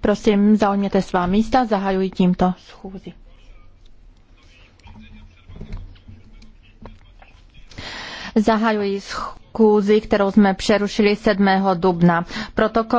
Prosím, zaujměte svá místa, zahajuji tímto schůzi. Zahajuji schůzi, kterou jsme přerušili 7. dubna. Protokol